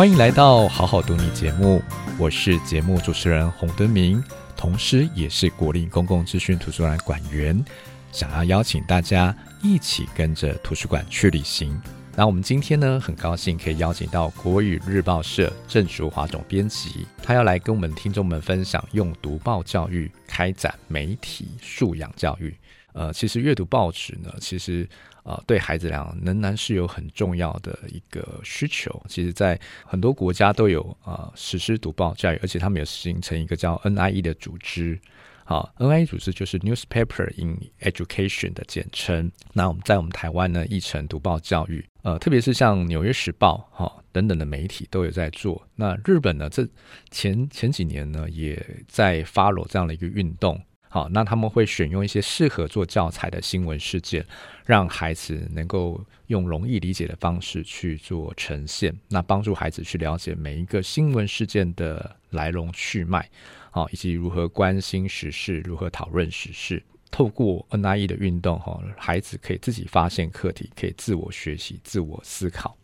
歡迎來到《好好讀你》節目，我是節目主持人洪敦明，同時也是國立公共資訊圖書館館員，想要邀請大家一起跟着圖書館去旅行。那我們今天呢，很高興可以邀請到《國語日報社》鄭淑華總編輯，他要來跟我們聽眾們分享用讀報教育開展媒體素養教育。呃，其實閱讀報紙呢，其實呃，對孩子來講仍然是有很重要的一個需求。其實，在很多國家都有啊，呃，實施讀報教育，而且他們也形成一個叫 NIE 的組織。好，哦，NIE 組織就是 Newspaper in Education 的簡稱。那我們在我們台灣呢，譯成讀報教育。呃，特別是像《紐約時報》哈，哦，等等的媒體都有在做。那日本呢，這前前幾年呢，也在 follow 這樣的一個運動。好，那他們會選用一些適合做教材的新聞事件，讓孩子能夠用容易理解的方式去做呈現，那幫助孩子去了解每一個新聞事件的來龍去脈，好，以及如何關心時事，如何討論時事。透過 NIE 的運動，哈，孩子可以自己發現課題，可以自我學習、自我思考。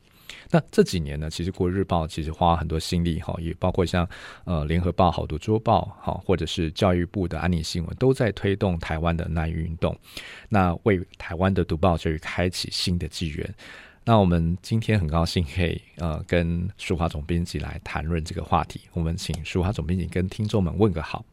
那這幾年呢，其實《國日報》其實花很多心力哈，也包括像呃《聯合報》好讀周報哈，或者是教育部的安妮新聞都在推動台灣的 NIE 運動。那為台灣的讀報就開啟新的紀元。那我們今天很高興可以呃跟淑華總編輯來談論這個話題。我們請淑華總編輯跟聽眾們問個好。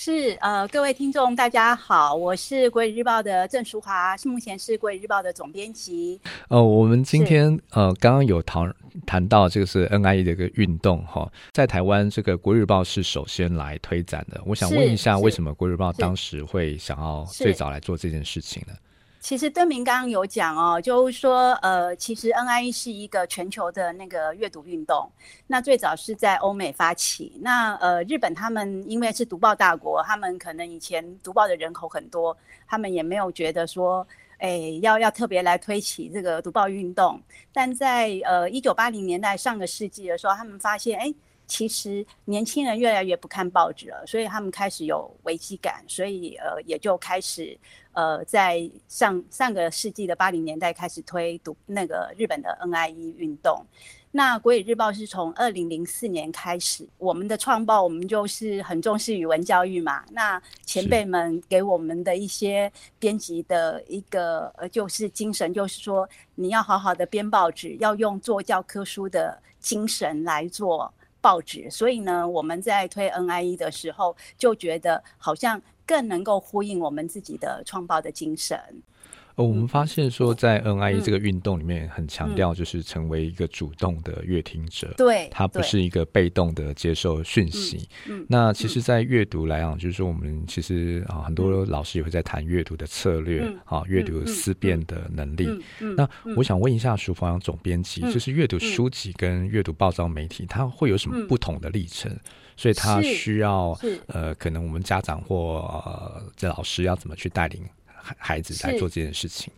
是呃，各位聽眾大家好，我是國語日報的鄭淑華，是目前是國語日報的總編輯。呃，我們今天是呃剛剛有談談到這個是 NIE 的一個運動哈，在台灣這個國語日報是首先來推展的，我想問一下，為什麼國語日報當時會想要最早來做這件事情呢？其實敦明剛剛有講哦，就是說，呃，其實 NIE 是一個全球的那個閱讀運動，那最早是在歐美發起，那呃，日本他們因為是讀報大國，他們可能以前讀報的人口很多，他們也沒有覺得說，哎，要要特別來推起這個讀報運動，但在呃，一九八零年代上個世紀的時候，他們發現，哎。其實年輕人越來越不看報紙了，所以他們開始有危機感，所以呃也就開始呃在上上個世紀的八零年代開始推讀那個日本的 NIE 運動。那國語日報是從二零零四年開始，我們的創報我們就是很重視語文教育嘛。那前輩們給我們的一些編輯的一個呃就是精神，是，就是說你要好好的編報紙，要用做教科書的精神來做。報紙，所以呢，我們在推 NIE 的時候，就覺得好像更能夠呼應我們自己的創報的精神。哦，我們發現說，在 NIE 這個運動裡面，很強調就是成為一個主動的閱聽者，對、嗯，嗯、他不是一個被動的接受訊息。嗯嗯、那其實，在閱讀來講，就是我們其實啊，很多老師也會在談閱讀的策略啊，閱讀思辨的能力。嗯嗯嗯嗯嗯、那我想問一下，淑華總編輯，嗯、就是閱讀書籍跟閱讀報章媒體，他、嗯、會有什麼不同的歷程？嗯、所以，他需要呃，可能我們家長或呃這老師要怎麼去帶領？孩子來做這件事情。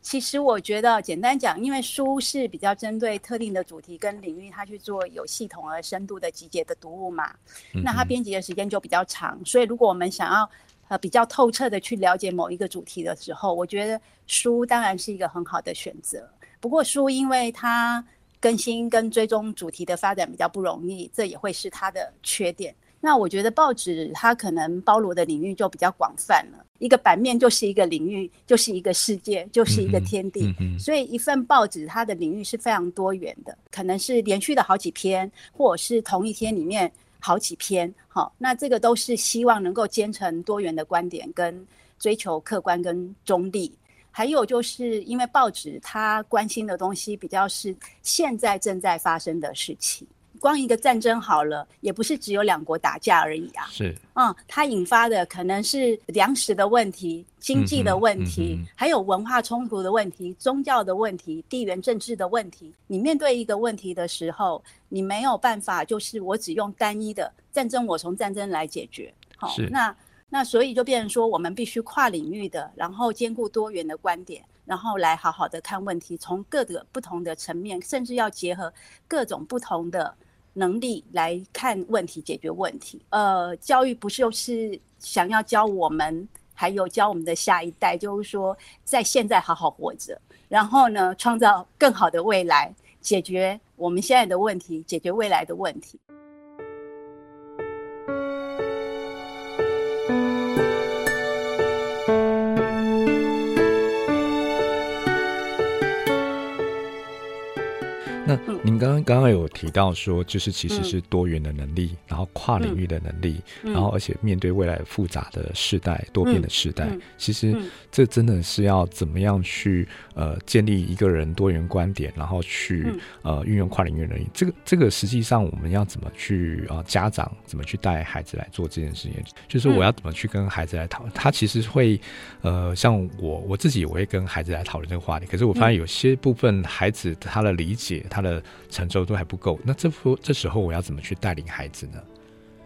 其實我覺得，簡單講，因為書是比較針對特定的主題跟領域，他去做有系統而深度的集結的讀物嘛。嗯嗯。那它編輯的時間就比較長，所以如果我們想要呃比較透徹的去了解某一個主題的時候，我覺得書當然是一個很好的選擇。不過書因為它更新跟追蹤主題的發展比較不容易，這也會是它的缺點。那我覺得報紙它可能包羅的領域就比較廣泛了，一個版面就是一個領域，就是一個世界，就是一個天地。所以一份報紙它的領域是非常多元的，可能是連續的好幾篇，或者是同一天裡面好幾篇。好，那這個都是希望能夠兼陳多元的觀點，跟追求客觀跟中立。還有就是因為報紙它關心的東西比較是現在正在發生的事情。光一個戰爭好了，也不是只有兩國打架而已啊。是，嗯，它引發的可能是糧食的問題、經濟的問題、嗯嗯、還有文化衝突的問題、宗教的問題、地緣政治的問題。你面對一個問題的時候，你沒有辦法，就是我只用單一的戰爭，我從戰爭來解決。好是、哦，那那所以就變成說，我們必須跨領域的，然後兼顧多元的觀點，然後來好好的看問題，從各個不同的層面，甚至要結合各種不同的。能力來看問題，解決問題。呃，教育不就是想要教我們，還有教我們的下一代，就是說在現在好好活着，然後呢，創造更好的未來，解決我們現在的問題，解決未來的問題。剛剛有提到說，就是其實是多元的能力，嗯、然後跨領域的能力，嗯、然後而且面對未來複雜的世代、多變的世代，嗯嗯、其實這真的是要怎麼樣去呃建立一個人多元觀點，然後去呃運用跨領域的能力。這個這個實際上我們要怎麼去呃家長怎麼去帶孩子來做這件事情？就是我要怎麼去跟孩子來討論？他其實會呃，像我我自己，我會跟孩子來討論這個話題。可是我發現有些部分，孩子他的理解，嗯、他的成。都還不夠，那這副這時候我要怎麼去帶領孩子呢？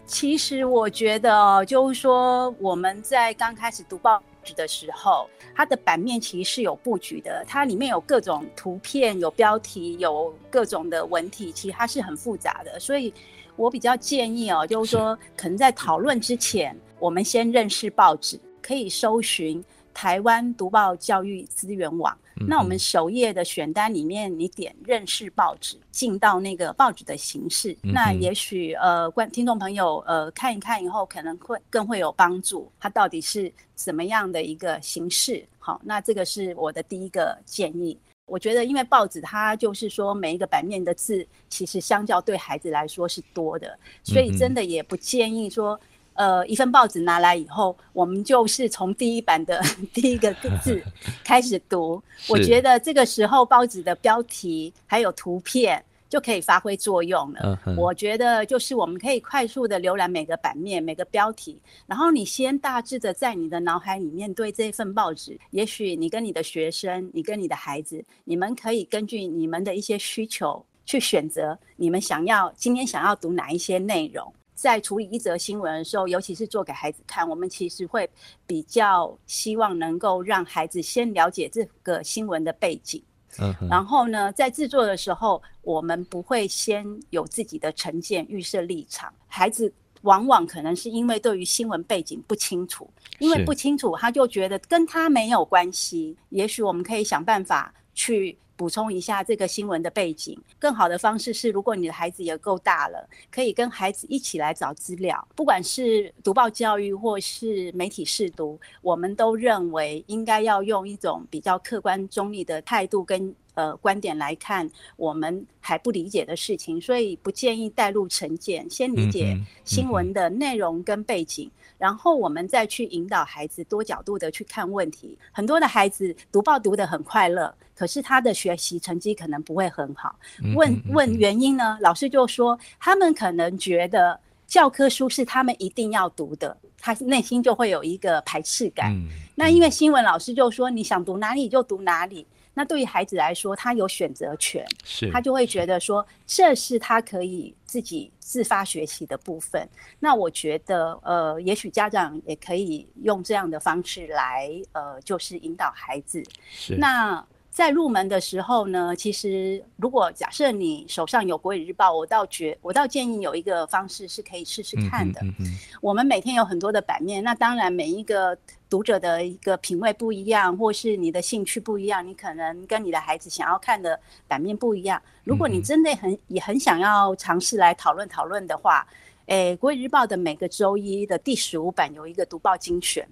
其實我覺得，就是說我們在剛開始讀報紙的時候，它的版面其實是有布局的，它裡面有各種圖片、有標題、有各種的文體，其實它是很複雜的。所以我比較建議哦，就是說可能在討論之前，我們先認識報紙，可以搜尋。臺灣讀報教育資源網。嗯、哼那我們首頁的選單裡面，你點認識報紙，進到那個報紙的形式。嗯、哼那也許呃，觀聽眾朋友呃，看一看以後可能會更會有幫助。它到底是怎麼樣的一個形式？好，那這個是我的第一個建議。我覺得，因為報紙它就是說每一個版面的字，其實相較對孩子來說是多的，所以真的也不建議說、嗯。呃，一份報紙拿來以後，我們就是從第一版的 第一個字開始讀。 是我覺得這個時候報紙的標題還有圖片就可以發揮作用了。Uh huh. 我覺得就是我們可以快速的瀏覽每個版面、每個標題，然後你先大致的在你的腦海裡面對這份報紙。也許你跟你的學生，你跟你的孩子，你們可以根據你們的一些需求去選擇你們想要今天想要讀哪一些內容。在處理一則新聞的時候，尤其是做給孩子看，我們其實會比較希望能夠讓孩子先了解這個新聞的背景。Uh huh. 然後呢，在製作的時候，我們不會先有自己的成見、預設立場。孩子往往可能是因為對於新聞背景不清楚，因為不清楚，是他就覺得跟他沒有關係。也許我們可以想辦法去。補充一下這個新聞的背景。更好的方式是，如果你的孩子也夠大了，可以跟孩子一起來找資料，不管是讀報教育或是媒體識讀，我們都認為應該要用一種比較客觀中立的態度跟呃觀點來看我們還不理解的事情，所以不建議帶入成見，先理解新聞的內容跟背景。嗯然後我們再去引導孩子多角度的去看問題。很多的孩子讀報讀得很快樂，可是他的學習成績可能不會很好。問問原因呢？老師就說他們可能覺得教科書是他們一定要讀的，他內心就會有一個排斥感。嗯嗯、那因為新聞老師就說你想讀哪裡就讀哪裡。那對於孩子來說，他有選擇權，是，他就會覺得說，這是他可以自己自發學習的部分。那我覺得，呃，也許家長也可以用這樣的方式來，呃，就是引導孩子。是，那。在入門的時候呢，其實如果假設你手上有《國語日報》，我倒覺我倒建議有一個方式是可以試試看的。嗯嗯、我們每天有很多的版面，那當然每一個讀者的一個品味不一樣，或是你的興趣不一樣，你可能跟你的孩子想要看的版面不一樣。如果你真的很、嗯、哼也很想要嘗試來討論討論的話，誒，《國語日報》的每個周一的第十五版有一個讀報精選。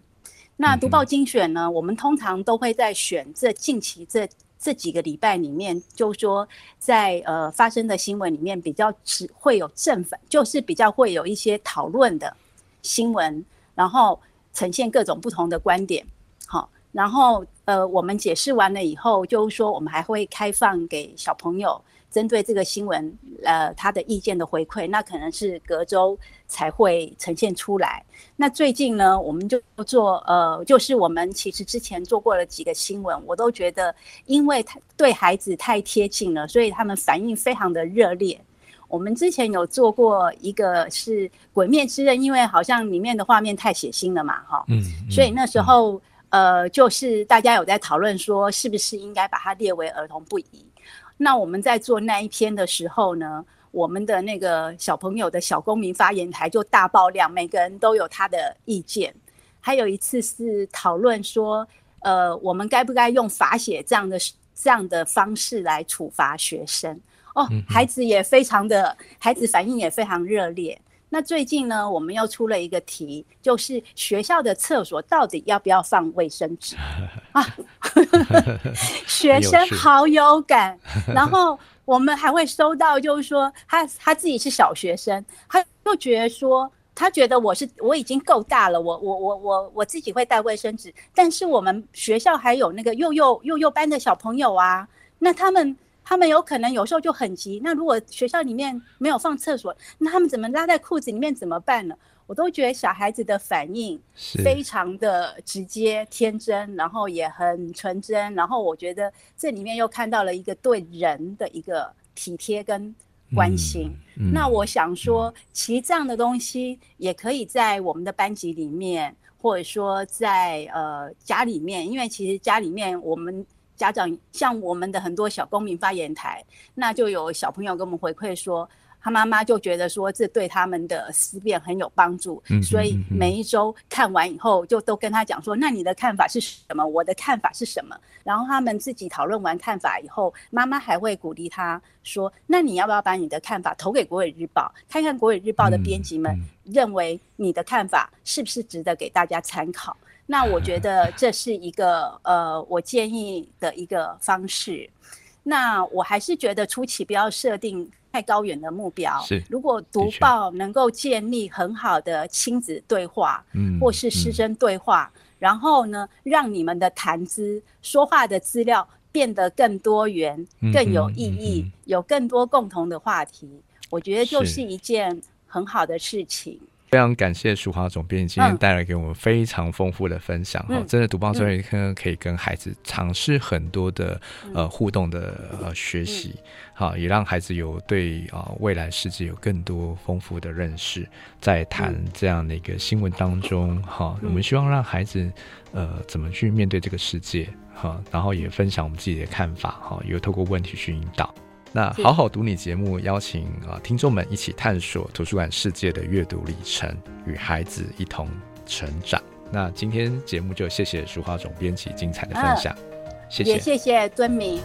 那讀報精選呢，我們通常都會在選這近期這這幾個禮拜裡面，就說在呃發生的新聞裡面比較只會有正反，就是比較會有一些討論的新聞，然後呈現各種不同的觀點，好，然後。呃，我們解釋完了以後，就是說我們還會開放給小朋友針對這個新聞，呃，他的意見的回饋，那可能是隔周才會呈現出來。那最近呢，我們就做，呃，就是我們其實之前做過了幾個新聞，我都覺得，因為對孩子太貼近了，所以他們反應非常的熱烈。我們之前有做過一個是《鬼滅之刃》，因為好像裡面的畫面太血腥了嘛，哈、嗯，嗯，所以那時候。嗯呃，就是大家有在討論說，是不是應該把它列為兒童不宜？那我們在做那一篇的時候呢，我們的那個小朋友的小公民發言台就大爆量，每個人都有他的意見。還有一次是討論說，呃，我們該不該用罰寫這樣的這樣的方式來處罰學生？哦，嗯哼。孩子也非常的，孩子反應也非常熱烈。那最近呢，我們又出了一個題，就是學校的廁所到底要不要放衛生紙啊？ 學生好有感， 然後我們還會收到，就是說他他自己是小學生，他又覺得說，他覺得我是我已經夠大了，我我我我我自己會帶衛生紙，但是我們學校還有那個幼幼幼幼班的小朋友啊，那他們。他們有可能有時候就很急，那如果學校裡面沒有放廁所，那他們怎麼拉在褲子裡面怎麼辦呢？我都覺得小孩子的反應非常的直接、天真，然後也很純真，然後我覺得這裡面又看到了一個對人的一個體貼跟關心。嗯，嗯，那我想說，其實這樣的東西也可以在我們的班級裡面，或者說在呃家裡面，因為其實家裡面我們。家長向我們的很多小公民發言台，那就有小朋友跟我們回饋說。他媽媽就覺得說這對他們的思辨很有幫助，所以每一周看完以後，就都跟他講說：“那你的看法是什麼？我的看法是什麼？”然後他們自己討論完看法以後，媽媽還會鼓勵他說：“那你要不要把你的看法投給《國語日報》，看看《國語日報》的編輯們認為你的看法是不是值得給大家參考？”嗯嗯、那我覺得這是一個呃，我建議的一個方式。那我還是覺得初期不要設定。太高遠的目標。是，如果讀報能夠建立很好的親子對話，嗯，或是師生對話，嗯嗯、然後呢，讓你們的談資、說話的資料變得更多元、更有意義，嗯嗯嗯嗯，有更多共同的話題，我覺得就是一件很好的事情。非常感謝淑華總編，今天帶來給我們非常豐富的分享哈、嗯哦，真的讀報專業課可以跟孩子嘗試很多的呃互動的呃學習、哦，也讓孩子有對啊、哦、未來世界有更多豐富的認識，在談這樣的一個新聞當中哈、嗯哦，我們希望讓孩子呃怎麼去面對這個世界哈、哦，然後也分享我們自己的看法哈，有、哦、透過問題去引導。那好好讀你節目，邀請啊聽眾們一起探索圖書館世界的閱讀歷程，與孩子一同成長。那今天節目就謝謝淑華總編輯精彩的分享，啊、謝謝，也謝謝敦明。